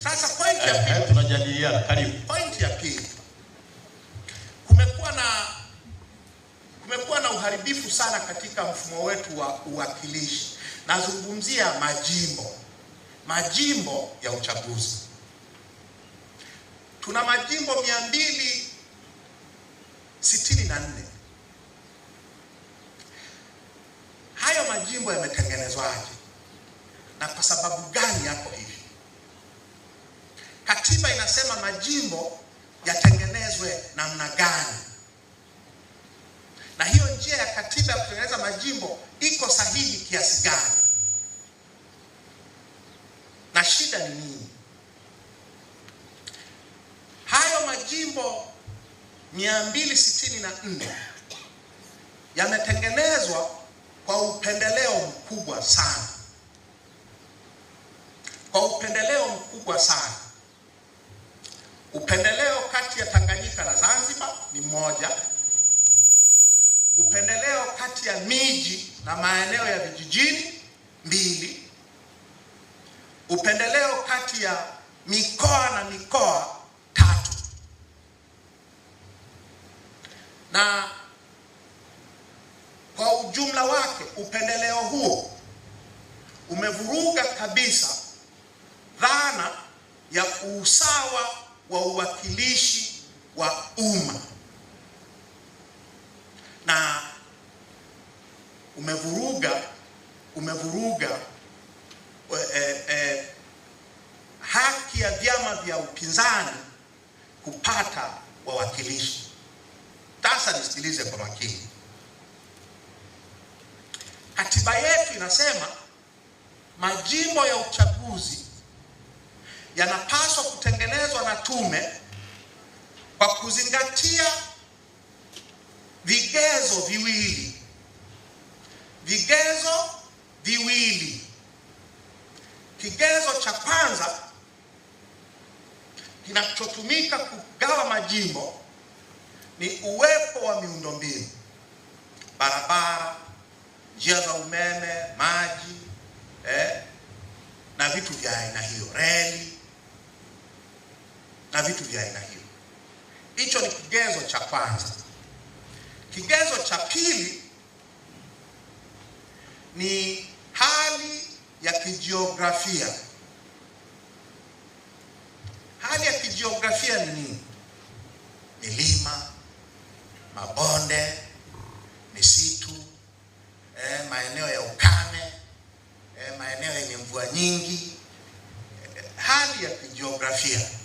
Sasa point ya eh, pili, tunajadiliana karibu. Point ya pili, kumekuwa na kumekuwa na uharibifu sana katika mfumo wetu wa uwakilishi. Nazungumzia majimbo, majimbo ya uchaguzi. Tuna majimbo 264. Hayo majimbo yametengenezwaje na kwa sababu gani yako katiba inasema majimbo yatengenezwe namna gani, na hiyo njia ya katiba ya kutengeneza majimbo iko sahihi kiasi gani, na shida ni nini? Hayo majimbo 264 yametengenezwa kwa upendeleo mkubwa sana, kwa upendeleo mkubwa sana Upendeleo kati ya Tanganyika na Zanzibar ni mmoja. Upendeleo kati ya miji na maeneo ya vijijini mbili. Upendeleo kati ya mikoa na mikoa tatu. Na kwa ujumla wake upendeleo huo umevuruga kabisa dhana ya usawa wa uwakilishi wa umma na umevuruga umevuruga eh, eh, eh, haki ya vyama vya upinzani kupata wawakilishi. Sasa nisikilize kwa makini. Katiba yetu inasema majimbo ya uchaguzi yanapa na tume kwa kuzingatia vigezo viwili, vigezo viwili. Kigezo cha kwanza kinachotumika kugawa majimbo ni uwepo wa miundombinu, barabara, njia za umeme, maji eh, na vitu vya aina hiyo, reli na vitu vya aina hiyo. Hicho ni kigezo cha kwanza. Kigezo cha pili ni hali ya kijiografia. Hali ya kijiografia ni nini? Milima, mabonde, misitu, eh, maeneo ya ukame, eh, maeneo yenye mvua nyingi, eh, hali ya kijiografia